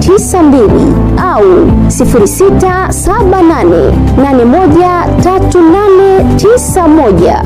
92 au 0678813891.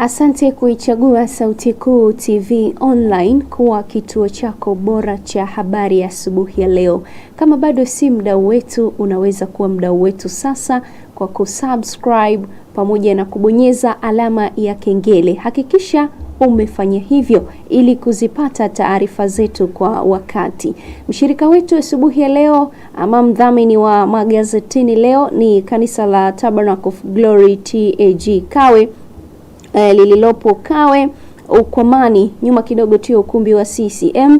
Asante kuichagua Sauti Kuu TV Online kuwa kituo chako bora cha habari asubuhi ya, ya leo. Kama bado si mdau wetu, unaweza kuwa mdau wetu sasa kwa kusubscribe pamoja na kubonyeza alama ya kengele. Hakikisha umefanya hivyo ili kuzipata taarifa zetu kwa wakati. Mshirika wetu asubuhi ya leo ama mdhamini wa magazetini leo ni kanisa la Tabernacle of Glory TAG Kawe eh, lililopo Kawe Ukwamani, nyuma kidogo tu ya ukumbi wa CCM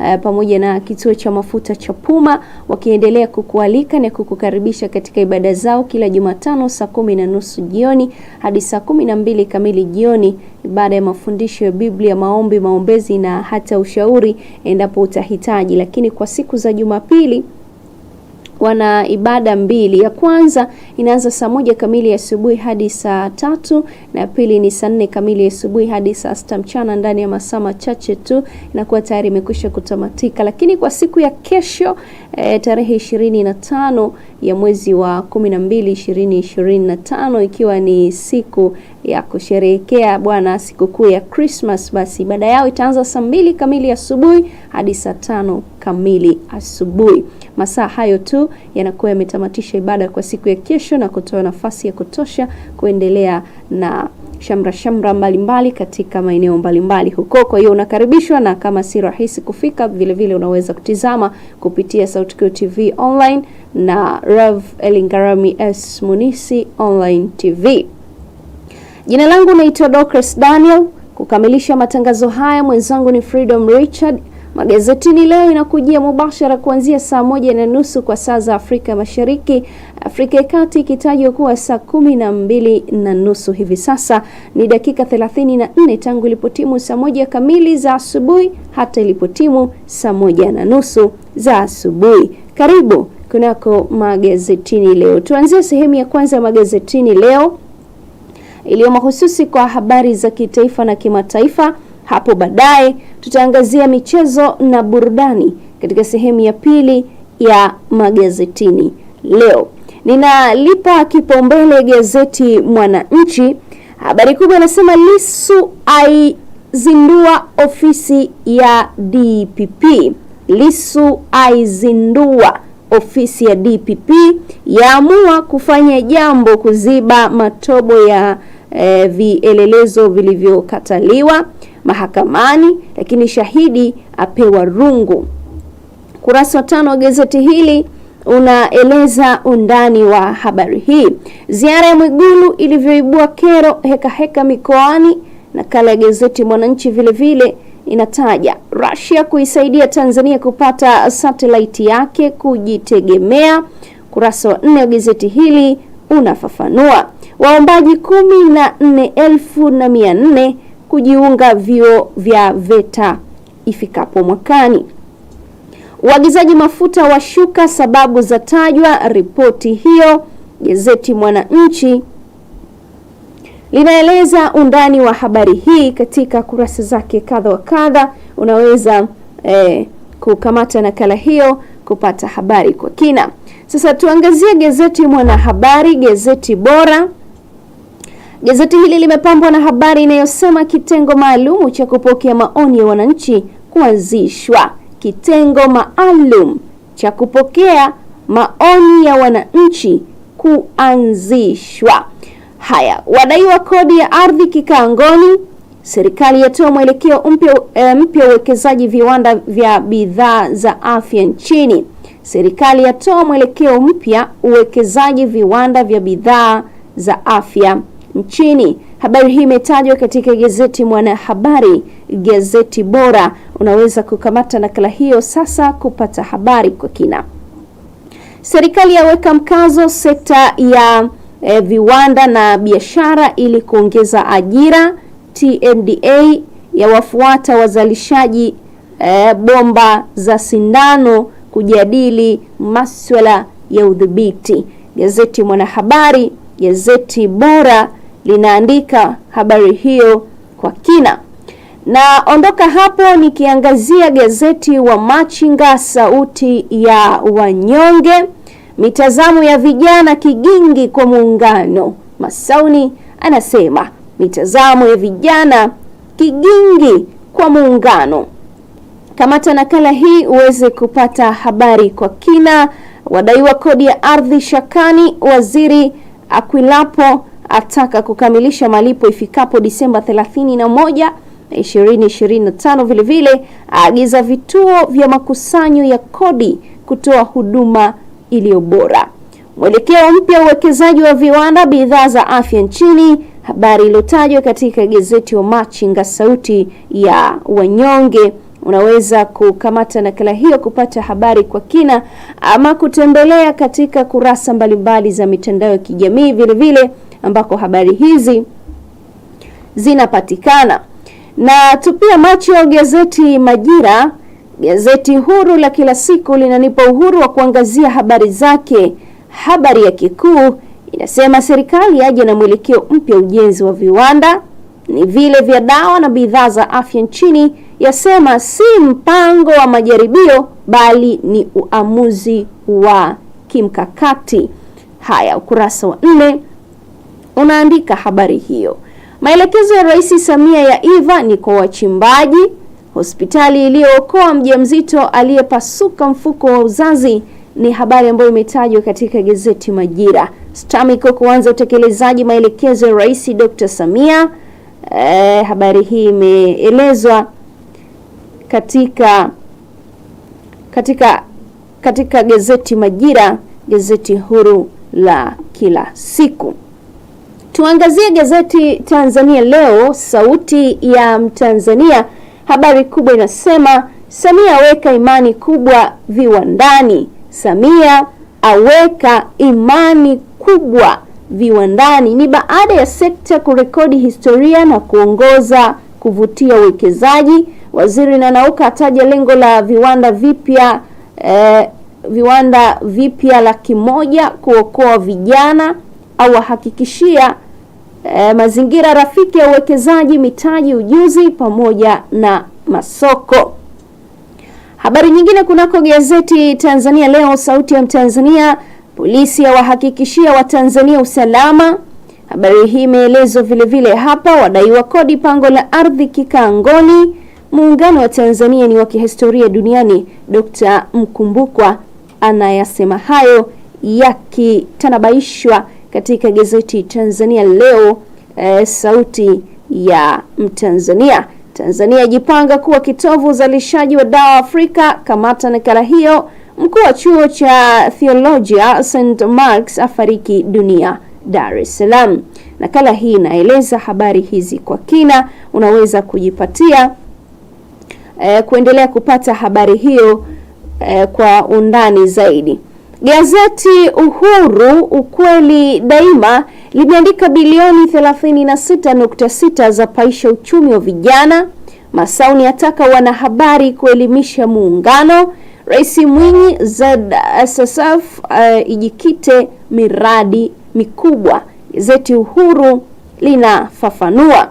uh, eh, pamoja na kituo cha mafuta cha Puma wakiendelea kukualika na kukukaribisha katika ibada zao kila Jumatano saa kumi na nusu jioni hadi saa kumi na mbili kamili jioni, ibada ya mafundisho ya Biblia, maombi, maombezi na hata ushauri endapo utahitaji, lakini kwa siku za Jumapili wana ibada mbili. Ya kwanza inaanza saa moja kamili asubuhi hadi saa tatu na pili ni saa nne kamili asubuhi hadi saa sita mchana. Ndani ya masaa machache tu inakuwa tayari imekwisha kutamatika. Lakini kwa siku ya kesho e, tarehe ishirini na tano ya mwezi wa kumi na mbili ishirini ishirini na tano ikiwa ni siku ya kusherehekea Bwana sikukuu ya Christmas, basi ibada yao itaanza saa mbili kamili asubuhi hadi saa tano kamili asubuhi. Masaa hayo tu yanakuwa yametamatisha ibada kwa siku ya kesho na kutoa nafasi ya kutosha kuendelea na shamra shamra mbalimbali katika maeneo mbalimbali huko. Kwa hiyo unakaribishwa, na kama si rahisi kufika, vile vile unaweza kutizama kupitia Sautikuu TV online na Rev Elingarami S Munisi online TV. Jina langu naitwa Dorcas Daniel. Kukamilisha matangazo haya, mwenzangu ni Freedom Richard. Magazetini leo inakujia mubashara kuanzia saa moja na nusu kwa saa za Afrika Mashariki, Afrika ya Kati ikitajwa kuwa saa kumi na mbili na nusu. Hivi sasa ni dakika 34 tangu ilipotimu saa moja kamili za asubuhi hata ilipotimu saa moja na nusu za asubuhi. Karibu kunako magazetini leo. Tuanzie sehemu ya kwanza ya magazetini leo iliyo mahususi kwa habari za kitaifa na kimataifa hapo baadaye tutaangazia michezo na burudani katika sehemu ya pili ya magazetini leo. Ninalipa kipaumbele gazeti Mwananchi. Habari kubwa inasema Lisu aizindua ofisi ya DPP. Lisu aizindua ofisi ya DPP, yaamua kufanya jambo kuziba matobo ya eh, vielelezo vilivyokataliwa mahakamani, lakini shahidi apewa rungu. Kurasa wa tano wa gazeti hili unaeleza undani wa habari hii. Ziara ya Mwigulu ilivyoibua kero heka heka mikoani. Nakala ya gazeti Mwananchi vile vile inataja Russia kuisaidia Tanzania kupata satellite yake kujitegemea. Kurasa wa nne wa gazeti hili unafafanua waombaji kumi na nne elfu na mia nne kujiunga vyuo vya VETA ifikapo mwakani. Uagizaji mafuta washuka, sababu za tajwa ripoti hiyo. Gazeti Mwananchi linaeleza undani wa habari hii katika kurasa zake kadha wa kadha. Unaweza eh, kukamata nakala hiyo kupata habari kwa kina. Sasa tuangazie gazeti Mwanahabari, gazeti bora Gazeti hili limepambwa na habari inayosema kitengo maalum cha kupokea maoni ya wananchi kuanzishwa. Kitengo maalum cha kupokea maoni ya wananchi kuanzishwa. Haya, wadai wa kodi ya ardhi kikaangoni. Serikali yatoa mwelekeo eh, mpya uwekezaji viwanda vya bidhaa za afya nchini. Serikali yatoa mwelekeo mpya uwekezaji viwanda vya bidhaa za afya nchini. Habari hii imetajwa katika gazeti Mwanahabari, gazeti bora. Unaweza kukamata nakala hiyo sasa kupata habari kwa kina. Serikali yaweka mkazo sekta ya e, viwanda na biashara ili kuongeza ajira. TMDA ya wafuata wazalishaji e, bomba za sindano kujadili maswala ya udhibiti. Gazeti Mwanahabari, gazeti bora, linaandika habari hiyo kwa kina. na ondoka hapo nikiangazia gazeti wa Machinga, sauti ya wanyonge, mitazamo ya vijana kigingi kwa muungano. Masauni anasema mitazamo ya vijana kigingi kwa muungano. Kamata nakala hii uweze kupata habari kwa kina. Wadaiwa kodi ya ardhi shakani, waziri Akwilapo ataka kukamilisha malipo ifikapo Disemba 31 2025. Vilevile aagiza vituo vya makusanyo ya kodi kutoa huduma iliyo bora. Mwelekeo mpya uwekezaji wa viwanda bidhaa za afya nchini, habari iliyotajwa katika gazeti wa Machinga sauti ya wanyonge. Unaweza kukamata nakala hiyo kupata habari kwa kina ama kutembelea katika kurasa mbalimbali za mitandao ya kijamii vilevile ambako habari hizi zinapatikana. Na tupia macho gazeti Majira, gazeti huru la kila siku, linanipa uhuru wa kuangazia habari zake. Habari ya kikuu inasema serikali aje na mwelekeo mpya ujenzi wa viwanda ni vile vya dawa na bidhaa za afya nchini, yasema si mpango wa majaribio bali ni uamuzi wa kimkakati. Haya, ukurasa wa nne unaandika habari hiyo. Maelekezo ya Rais Samia ya Iva ni kwa wachimbaji, hospitali iliyookoa mjamzito aliyepasuka mfuko wa uzazi ni habari ambayo imetajwa katika gazeti Majira. Stamiko kuanza utekelezaji maelekezo ya Rais Dr. Samia. Eh, habari hii imeelezwa katika katika katika gazeti Majira, gazeti huru la kila siku. Tuangazie gazeti Tanzania Leo, sauti ya Mtanzania. Habari kubwa inasema Samia aweka imani kubwa viwandani. Samia aweka imani kubwa viwandani ni baada ya sekta kurekodi historia na kuongoza kuvutia uwekezaji. Waziri Nanauka ataja lengo la viwanda vipya eh, viwanda vipya laki moja kuokoa vijana, au wahakikishia e, mazingira rafiki ya uwekezaji, mitaji, ujuzi pamoja na masoko. Habari nyingine kunako gazeti Tanzania Leo, sauti ya Mtanzania, polisi yawahakikishia Watanzania usalama. Habari hii imeelezwa vile vile hapa, wadaiwa kodi pango la ardhi kikangoni. Muungano wa Tanzania ni wa kihistoria duniani. Dkt. Mkumbukwa anayasema hayo yakitanabaishwa katika gazeti Tanzania Leo e, sauti ya Mtanzania. Tanzania jipanga kuwa kitovu uzalishaji wa dawa Afrika. Kamata nakala hiyo. Mkuu wa chuo cha theolojia St Marks afariki dunia Dar es Salaam. Nakala hii inaeleza habari hizi kwa kina, unaweza kujipatia e, kuendelea kupata habari hiyo e, kwa undani zaidi. Gazeti Uhuru ukweli daima limeandika bilioni 36.6 za paisha uchumi wa vijana. Masauni ataka wanahabari kuelimisha muungano. Rais Mwinyi ZSSF uh, eh, ijikite miradi mikubwa. Gazeti Uhuru linafafanua.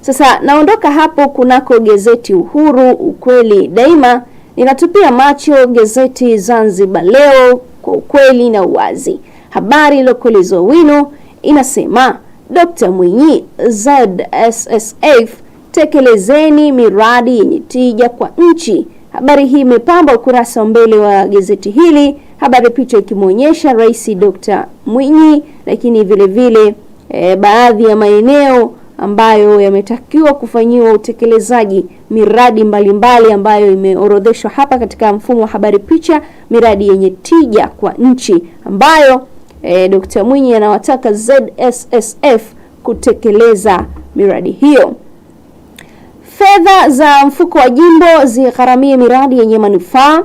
Sasa naondoka hapo kunako gazeti Uhuru ukweli daima Ninatupia macho gazeti Zanzibar Leo kwa ukweli na uwazi. Habari iliyokolezwa wino inasema Dkt. Mwinyi, ZSSF tekelezeni miradi yenye tija kwa nchi. Habari hii imepamba ukurasa wa mbele wa gazeti hili, habari picha ikimwonyesha Rais Dkt. Mwinyi, lakini vile vile e, baadhi ya maeneo ambayo yametakiwa kufanyiwa utekelezaji, miradi mbalimbali mbali ambayo imeorodheshwa hapa katika mfumo wa habari picha, miradi yenye tija kwa nchi ambayo e, eh, Dkt. Mwinyi anawataka ZSSF kutekeleza miradi hiyo. Fedha za mfuko wa jimbo zigharamie miradi yenye manufaa.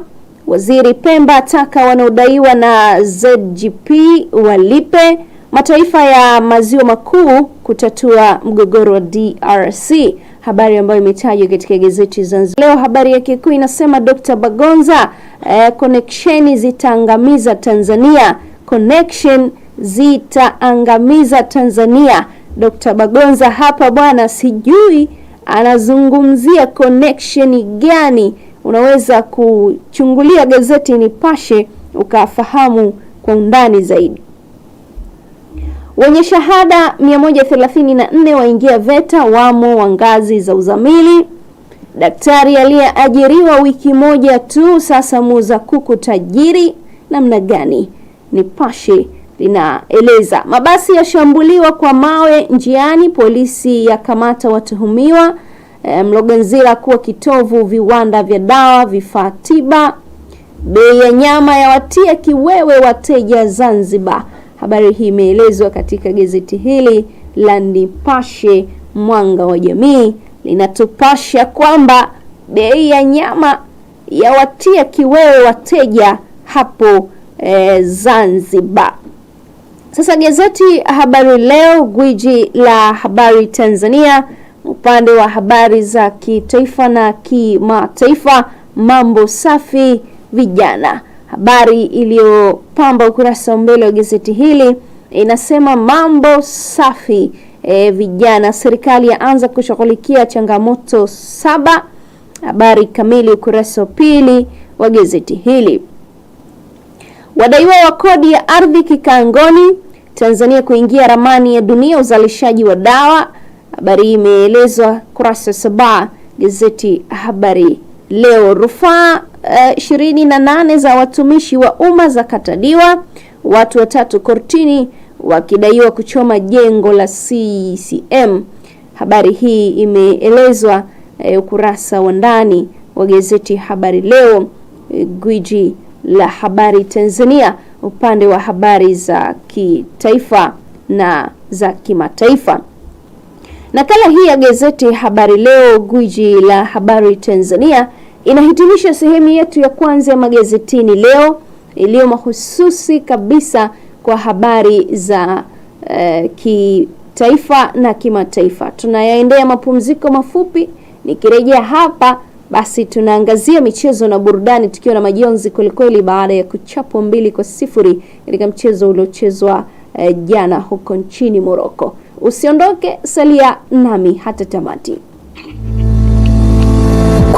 Waziri Pemba ataka wanaodaiwa na ZGP walipe. Mataifa ya maziwa makuu kutatua mgogoro wa DRC, habari ambayo imetajwa katika gazeti Zanzibar Leo. Habari yake kuu inasema Dr. Bagonza eh, connection zitaangamiza Tanzania, connection zitaangamiza Tanzania. Dr. Bagonza hapa bwana, sijui anazungumzia connection gani? Unaweza kuchungulia gazeti Nipashe ukafahamu kwa undani zaidi. Wenye shahada 134 waingia VETA, wamo wa ngazi za uzamili. Daktari aliyeajiriwa wiki moja tu sasa muuza kuku tajiri namna gani? Nipashe linaeleza mabasi yashambuliwa kwa mawe njiani, polisi yakamata watuhumiwa. E, eh, Mloganzila kuwa kitovu viwanda vya dawa, vifaa tiba. Bei ya nyama yawatia kiwewe wateja Zanzibar. Habari hii imeelezwa katika gazeti hili la Nipashe Mwanga wa Jamii, linatupasha kwamba bei ya nyama yawatia kiwewe wateja hapo e, Zanzibar. Sasa gazeti Habari Leo, gwiji la habari Tanzania, upande wa habari za kitaifa na kimataifa, mambo safi vijana Habari iliyopamba ukurasa wa mbele wa gazeti hili inasema mambo safi e, vijana serikali yaanza kushughulikia changamoto saba. Habari kamili ukurasa wa pili wa gazeti hili. Wadaiwa wa kodi ya ardhi kikangoni, Tanzania kuingia ramani ya dunia uzalishaji wa dawa. Habari hii imeelezwa kurasa saba gazeti Habari Leo rufaa eh, ishirini uh, na nane za watumishi wa umma zakataliwa. Watu watatu kortini wakidaiwa kuchoma jengo la CCM. Habari hii imeelezwa uh, ukurasa wa ndani wa gazeti Habari Leo, uh, gwiji la habari Tanzania, upande wa habari za kitaifa na za kimataifa. Nakala hii ya gazeti Habari Leo, gwiji la habari Tanzania, inahitimisha sehemu yetu ya kwanza ya magazetini leo iliyo mahususi kabisa kwa habari za e, kitaifa na kimataifa. Tunayaendea mapumziko mafupi, nikirejea hapa basi tunaangazia michezo na burudani tukiwa na majonzi kwelikweli baada ya kuchapwa mbili kwa sifuri katika mchezo uliochezwa e, jana huko nchini Morocco. Usiondoke, salia nami hata tamati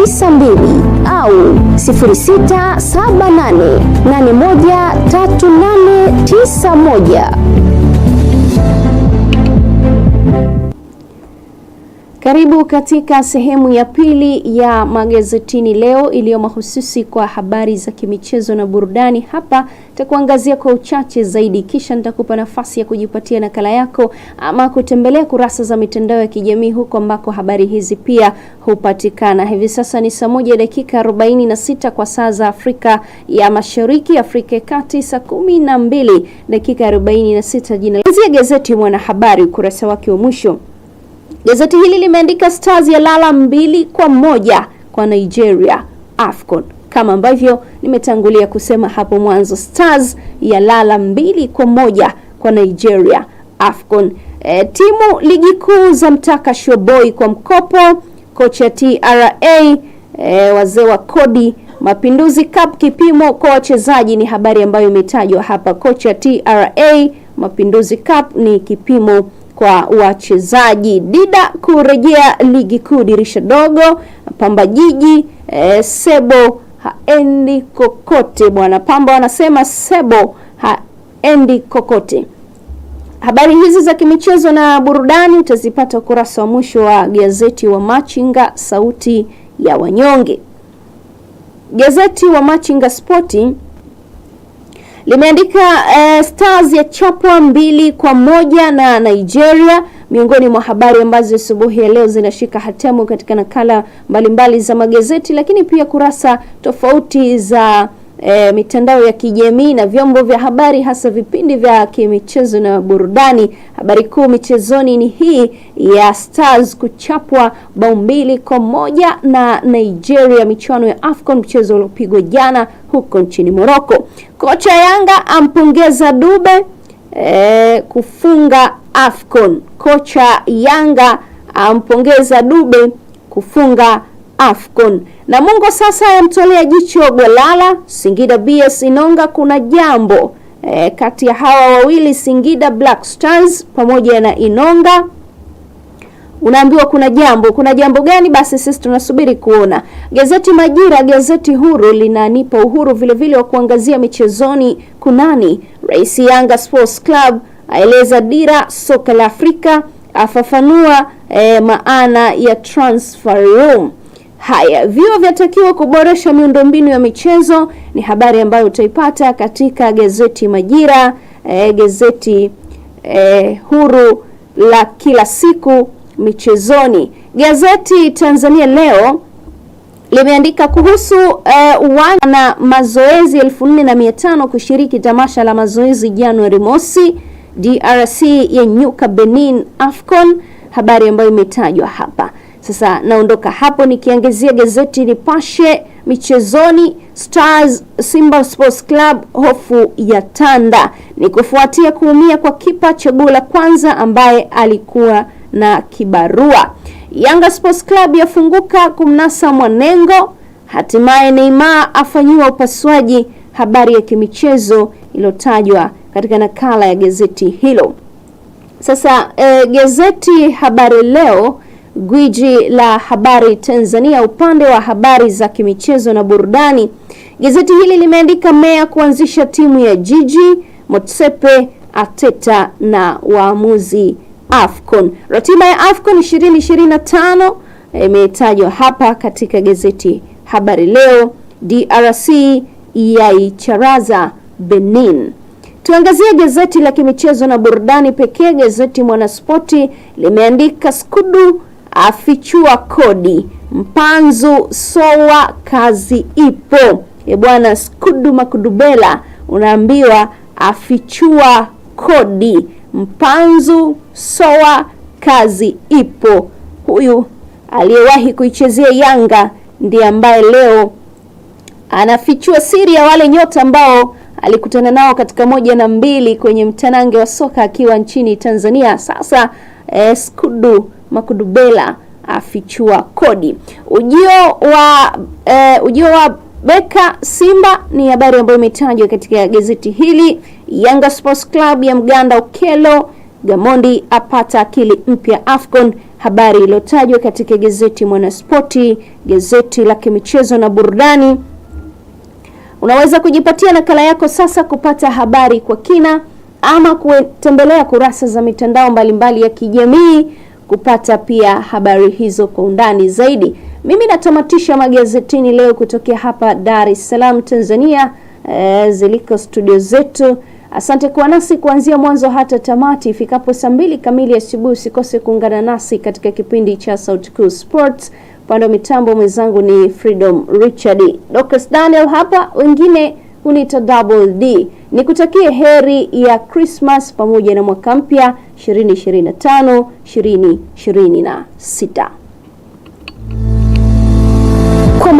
mbili au moja Karibu katika sehemu ya pili ya magazetini leo iliyo mahususi kwa habari za kimichezo na burudani. Hapa nitakuangazia kwa uchache zaidi, kisha nitakupa nafasi ya kujipatia nakala yako ama kutembelea kurasa za mitandao ya kijamii huko ambako habari hizi pia hupatikana. Hivi sasa ni saa moja dakika 46 kwa saa za Afrika ya Mashariki, Afrika ya Kati saa 12 dakika 46. Jina la gazeti Mwanahabari, ukurasa wake wa mwisho Gazeti hili limeandika Stars ya lala mbili kwa moja kwa Nigeria AFCON. Kama ambavyo nimetangulia kusema hapo mwanzo, Stars ya lala mbili kwa moja kwa Nigeria AFCON. E, timu ligi kuu za mtaka shoboy kwa mkopo, kocha TRA e, eh, wazee wa kodi Mapinduzi Cup kipimo kwa wachezaji ni habari ambayo imetajwa hapa. Kocha TRA Mapinduzi Cup ni kipimo kwa wachezaji. Dida kurejea ligi kuu dirisha dogo. Pamba Jiji e, Sebo haendi kokote bwana. Pamba wanasema Sebo haendi kokote. Habari hizi za kimichezo na burudani utazipata ukurasa wa mwisho wa gazeti wa Machinga Sauti ya Wanyonge. Gazeti wa Machinga Sporting limeandika eh, Stars ya chapwa mbili kwa moja na Nigeria, miongoni mwa habari ambazo asubuhi ya leo zinashika hatamu katika nakala mbalimbali mbali za magazeti, lakini pia kurasa tofauti za e, mitandao ya kijamii na vyombo vya habari hasa vipindi vya kimichezo na burudani. Habari kuu michezoni ni hii ya Stars kuchapwa bao mbili kwa moja na Nigeria michuano ya AFCON, mchezo uliopigwa jana huko nchini Morocco. Kocha Yanga ampongeza Dube e, kufunga AFCON. Kocha Yanga ampongeza Dube kufunga AFCON. Namungo sasa yamtolea jicho Gwelala. Singida BS Inonga kuna jambo e, kati ya hawa wawili Singida Black Stars pamoja na Inonga unaambiwa kuna jambo. Kuna jambo gani? Basi sisi tunasubiri kuona. Gazeti Majira, gazeti huru, linanipa uhuru vile vile wa kuangazia michezoni. Kunani rais Yanga Sports Club aeleza dira soka la Afrika, afafanua e, maana ya transfer room Haya, vyuo vyatakiwa kuboresha miundombinu ya michezo, ni habari ambayo utaipata katika gazeti Majira, eh, gazeti eh, huru la kila siku michezoni. Gazeti Tanzania Leo limeandika kuhusu eh, uwanja eh, na mazoezi 4500 kushiriki tamasha la mazoezi Januari mosi. DRC yenyuka Benin AFCON, habari ambayo imetajwa hapa sasa naondoka hapo nikiangazia gazeti Nipashe michezoni. Stars Simba Sports Club hofu ya tanda ni kufuatia kuumia kwa kipa chaguo la kwanza ambaye alikuwa na kibarua. Yanga Sports Club yafunguka kumnasa Mwanengo. Hatimaye Neymar afanyiwa upasuaji, habari ya kimichezo iliyotajwa katika nakala ya gazeti hilo. Sasa eh, gazeti Habari Leo Gwiji la habari Tanzania, upande wa habari za kimichezo na burudani, gazeti hili limeandika meya kuanzisha timu ya jiji, Motsepe, Ateta na waamuzi AFCON. Ratiba ya AFCON 2025 eh, imetajwa hapa katika gazeti Habari Leo. DRC yaicharaza Benin. Tuangazie gazeti la kimichezo na burudani pekee. Gazeti Mwanaspoti limeandika Skudu afichua kodi mpanzu sowa kazi ipo. E bwana Skudu Makudubela unaambiwa afichua kodi mpanzu sowa kazi ipo. Huyu aliyewahi kuichezea Yanga ndiye ambaye leo anafichua siri ya wale nyota ambao alikutana nao katika moja na mbili kwenye mtanange wa soka akiwa nchini Tanzania. Sasa eh, Skudu Makudubela afichua kodi. Ujio wa e, ujio wa Beka Simba ni habari ambayo imetajwa katika gazeti hili. Yanga Sports Club ya Mganda Ukelo, Gamondi apata akili mpya Afcon, habari iliyotajwa katika gazeti Mwanaspoti, gazeti la kimichezo na burudani. Unaweza kujipatia nakala yako sasa kupata habari kwa kina ama kutembelea kurasa za mitandao mbalimbali mbali ya kijamii kupata pia habari hizo kwa undani zaidi. Mimi natamatisha magazetini leo kutokea hapa Dar es Salaam Tanzania, e, ziliko studio zetu. Asante kwa nasi kuanzia mwanzo hata tamati. Ifikapo saa mbili kamili asubuhi, usikose kuungana nasi katika kipindi cha Sauti Kuu Sports. Upande wa mitambo mwenzangu ni Freedom Richard, Dorcas Daniel hapa, wengine Kunita Double D. Nikutakie heri ya Christmas pamoja na mwaka mpya 2025 2026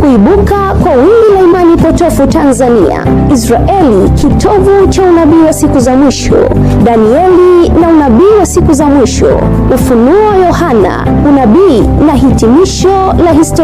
kuibuka kwa wingi la imani potofu Tanzania, Israeli kitovu cha unabii wa siku za mwisho, Danieli na unabii wa siku za mwisho, Ufunuo Yohana unabii na hitimisho la historia.